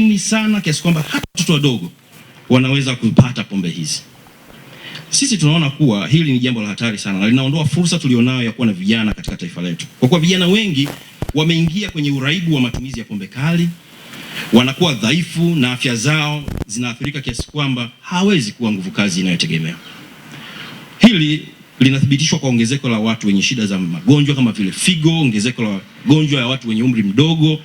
chini sana kiasi kwamba hata watoto wadogo wanaweza kupata pombe hizi. Sisi tunaona kuwa hili ni jambo la hatari sana na linaondoa fursa tulionayo ya kuwa na vijana katika taifa letu, kwa kuwa vijana wengi wameingia kwenye uraibu wa matumizi ya pombe kali, wanakuwa dhaifu na afya zao zinaathirika kiasi kwamba hawezi kuwa nguvu kazi inayotegemea. Hili linathibitishwa kwa ongezeko la watu wenye shida za magonjwa kama vile figo, ongezeko la magonjwa ya watu wenye umri mdogo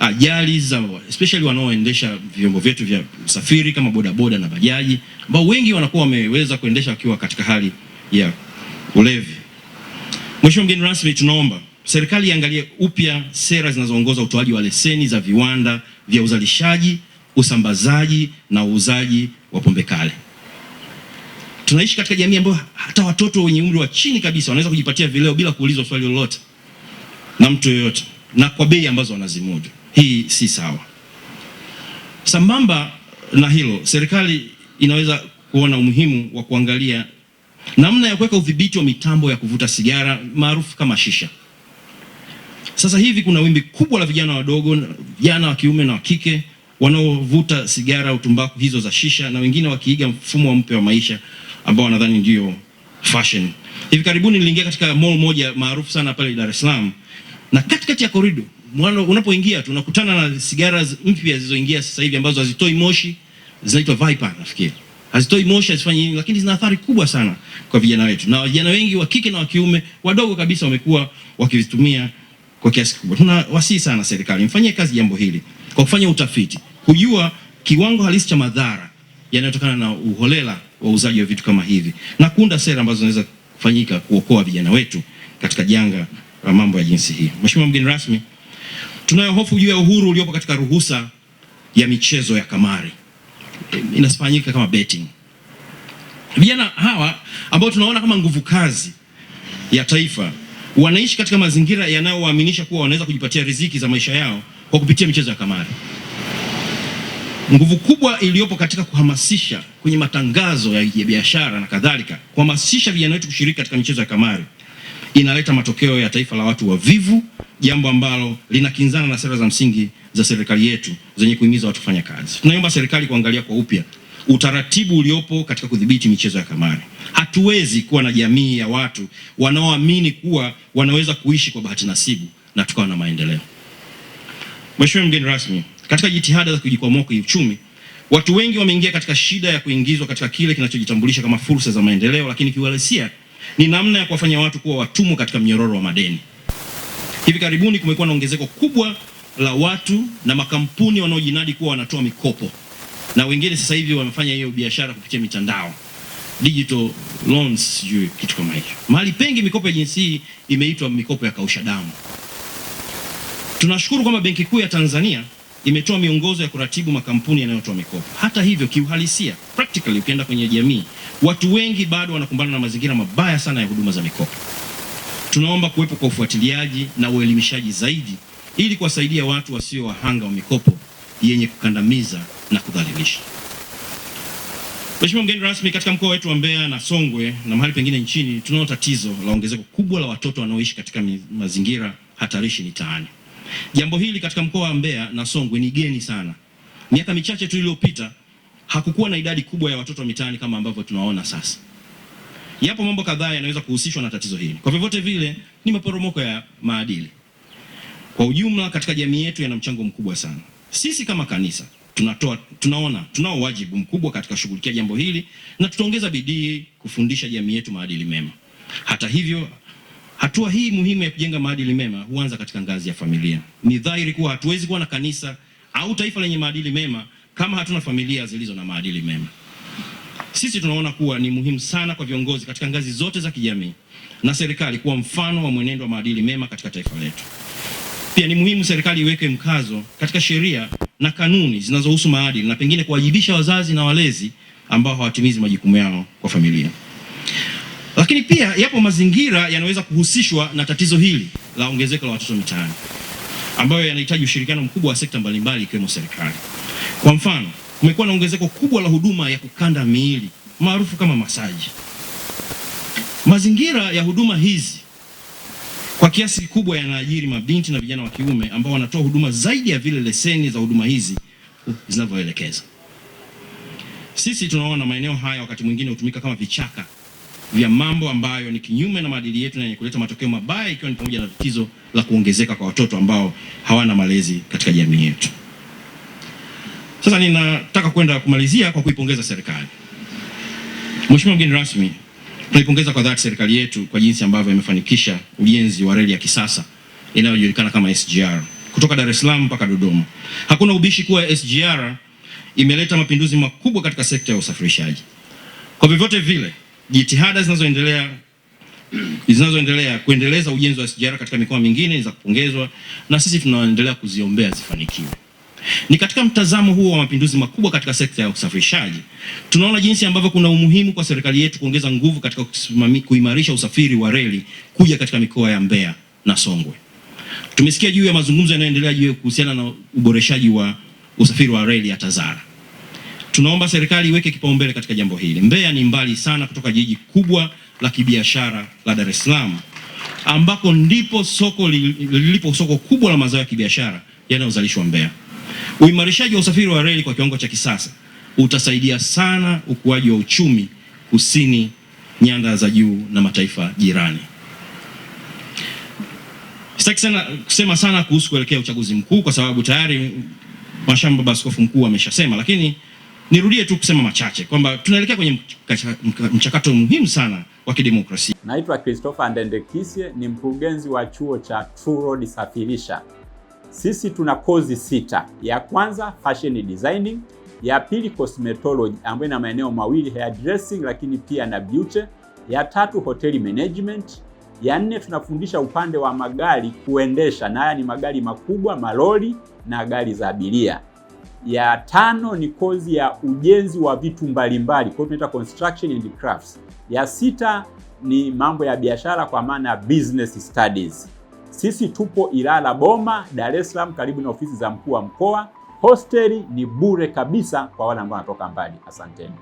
ajali za especially wanaoendesha vyombo vyetu vya usafiri kama bodaboda na bajaji ambao wengi wanakuwa wameweza kuendesha wakiwa katika hali ya ulevi. Mheshimiwa mgeni rasmi, tunaomba serikali iangalie upya sera zinazoongoza utoaji wa leseni za viwanda vya uzalishaji, usambazaji na uuzaji wa pombe kale. Tunaishi katika jamii ambayo hata watoto wenye umri wa chini kabisa wanaweza kujipatia vileo bila kuulizwa swali lolote na mtu yoyote na kwa bei ambazo wanazimudu. Hii si sawa. Sambamba na hilo, serikali inaweza kuona umuhimu wa kuangalia namna ya kuweka udhibiti wa mitambo ya kuvuta sigara maarufu kama shisha. Sasa hivi kuna wimbi kubwa la vijana wadogo, vijana wa kiume na wa kike wanaovuta sigara au tumbaku hizo za shisha, na wengine wakiiga mfumo wa mpya wa maisha ambao wanadhani ndio fashion. Hivi karibuni niliingia katika mall moja maarufu sana pale Dar es Salaam, na katikati ya korido mwana unapoingia tu unakutana na sigara mpya zilizoingia sasa hivi ambazo hazitoi moshi, zinaitwa Viper nafikiri. Hazitoi moshi, hazifanyi nini, lakini zina athari kubwa sana kwa vijana wetu. Na vijana wengi wa kike na wa kiume wadogo kabisa wamekuwa wakizitumia kwa kiasi kikubwa. Tuna wasii sana serikali mfanyie kazi jambo hili kwa kufanya utafiti, kujua kiwango halisi cha madhara yanayotokana na uholela wa uzaji wa vitu kama hivi na kuunda sera ambazo zinaweza kufanyika kuokoa vijana wetu katika janga la mambo ya jinsi hii. Mheshimiwa mgeni rasmi, Tunayo hofu juu ya uhuru uliopo katika ruhusa ya michezo ya kamari inafanyika kama betting. Vijana hawa ambao tunaona kama nguvu kazi ya taifa wanaishi katika mazingira yanayowaaminisha kuwa wanaweza kujipatia riziki za maisha yao kwa kupitia michezo ya kamari. Nguvu kubwa iliyopo katika kuhamasisha kwenye matangazo ya biashara na kadhalika, kuhamasisha vijana wetu kushiriki katika michezo ya kamari inaleta matokeo ya taifa la watu wavivu, jambo ambalo linakinzana na sera za msingi za serikali yetu zenye kuhimiza watu kufanya kazi. Tunaomba serikali kuangalia kwa upya utaratibu uliopo katika kudhibiti michezo ya kamari. Hatuwezi kuwa na jamii ya watu wanaoamini kuwa wanaweza kuishi kwa bahati nasibu na tukawa na maendeleo. Mheshimiwa mgeni rasmi, katika jitihada za kujikwamua kiuchumi, watu wengi wameingia katika shida ya kuingizwa katika kile kinachojitambulisha kama fursa za maendeleo, lakini kiuhalisia ni namna ya kuwafanya watu kuwa watumwa katika mnyororo wa madeni. Hivi karibuni kumekuwa na ongezeko kubwa la watu na makampuni wanaojinadi kuwa wanatoa mikopo, na wengine sasa hivi wamefanya hiyo biashara kupitia mitandao digital loans, sijui kitu kama hicho. Mahali pengi mikopo ya jinsi hii imeitwa mikopo ya kausha damu. Tunashukuru kwamba Benki Kuu ya Tanzania imetoa miongozo ya kuratibu makampuni yanayotoa mikopo. Hata hivyo, kiuhalisia, practically, ukienda kwenye jamii Watu wengi bado wanakumbana na mazingira mabaya sana ya huduma za mikopo. Tunaomba kuwepo kwa ufuatiliaji na uelimishaji zaidi ili kuwasaidia watu wasio wahanga wa mikopo yenye kukandamiza na kudhalilisha. Mheshimiwa mgeni rasmi, katika mkoa wetu wa Mbeya na Songwe na mahali pengine nchini, tunao tatizo la ongezeko kubwa la watoto wanaoishi katika mazingira hatarishi mitaani. Jambo hili katika mkoa wa Mbeya na Songwe ni geni sana. Miaka michache tu iliyopita hakukuwa na idadi kubwa ya watoto mitaani kama ambavyo tunaona sasa. Yapo mambo kadhaa yanaweza kuhusishwa na tatizo hili. Kwa vyovyote vile, ni maporomoko ya maadili kwa ujumla katika jamii yetu yana mchango mkubwa sana. Sisi kama kanisa tunatoa, tunaona tunao wajibu mkubwa katika kushughulikia jambo hili na tutaongeza bidii kufundisha jamii yetu maadili mema. Hata hivyo, hatua hii muhimu ya kujenga maadili mema huanza katika ngazi ya familia. Ni dhahiri kuwa hatuwezi kuwa na kanisa au taifa lenye maadili mema kama hatuna familia zilizo na maadili mema. Sisi tunaona kuwa ni muhimu sana kwa viongozi katika ngazi zote za kijamii na serikali kuwa mfano wa mwenendo wa maadili mema katika taifa letu. Pia ni muhimu serikali iweke mkazo katika sheria na kanuni zinazohusu maadili na pengine kuwajibisha wazazi na walezi ambao hawatimizi majukumu yao kwa familia. Lakini pia yapo mazingira yanaweza kuhusishwa na tatizo hili la ongezeko la watoto mitaani ambayo yanahitaji ushirikiano mkubwa wa sekta mbalimbali ikiwemo serikali. Kwa mfano, kumekuwa na ongezeko kubwa la huduma ya kukanda miili maarufu kama masaji. Mazingira ya huduma hizi kwa kiasi kikubwa yanaajiri mabinti na vijana wa kiume ambao wanatoa huduma zaidi ya vile leseni za huduma hizi zinavyoelekeza. Sisi tunaona maeneo haya wakati mwingine hutumika kama vichaka vya mambo ambayo ni kinyume na maadili yetu na yenye kuleta matokeo mabaya, ikiwa ni pamoja na tatizo la kuongezeka kwa watoto ambao hawana malezi katika jamii yetu. Sasa ninataka kwenda kumalizia kwa kuipongeza serikali. Mheshimiwa mgeni rasmi, tunaipongeza kwa dhati serikali yetu kwa jinsi ambavyo imefanikisha ujenzi wa reli ya kisasa inayojulikana kama SGR kutoka Dar es Salaam mpaka Dodoma. Hakuna ubishi kuwa SGR imeleta mapinduzi makubwa katika sekta ya usafirishaji. Kwa vyovyote vile, jitihada zinazoendelea zinazoendelea kuendeleza ujenzi wa SGR katika mikoa mingine ni za kupongezwa na sisi tunaendelea kuziombea zifanikiwe. Ni katika mtazamo huo wa mapinduzi makubwa katika sekta ya usafirishaji, tunaona jinsi ambavyo kuna umuhimu kwa serikali yetu kuongeza nguvu katika kuimarisha usafiri wa reli kuja katika mikoa ya Mbeya na Songwe. Tumesikia juu ya mazungumzo yanayoendelea juu kuhusiana na uboreshaji wa usafiri wa reli ya Tazara. Tunaomba serikali iweke kipaumbele katika jambo hili. Mbeya ni mbali sana kutoka jiji kubwa la kibiashara la Dar es Salaam ambako ndipo soko lilipo soko kubwa la mazao ya kibiashara yanayozalishwa Mbeya. Uimarishaji wa usafiri wa reli kwa kiwango cha kisasa utasaidia sana ukuaji wa uchumi kusini, nyanda za juu na mataifa jirani. Sitaki sana kusema sana kuhusu kuelekea uchaguzi mkuu kwa sababu tayari mashamba baba askofu mkuu ameshasema, lakini nirudie tu kusema machache kwamba tunaelekea kwenye mchakato muhimu sana wa kidemokrasia. Naitwa Christopher Ndendekisye, ni mkurugenzi wa chuo cha True Road Safirisha. Sisi tuna kozi sita. Ya kwanza fashion designing, ya pili cosmetology ambayo ina maeneo mawili hair dressing, lakini pia na beauty. Ya tatu hoteli management. Ya nne tunafundisha upande wa magari kuendesha, na haya ni magari makubwa, malori na gari za abiria. Ya tano ni kozi ya ujenzi wa vitu mbalimbali, kwa hiyo tunaita construction and crafts. Ya sita ni mambo ya biashara kwa maana business studies. Sisi tupo Ilala Boma, Dar es Salaam, karibu na ofisi za mkuu wa mkoa. Hosteli ni bure kabisa kwa wale ambao wanatoka mbali. Asanteni.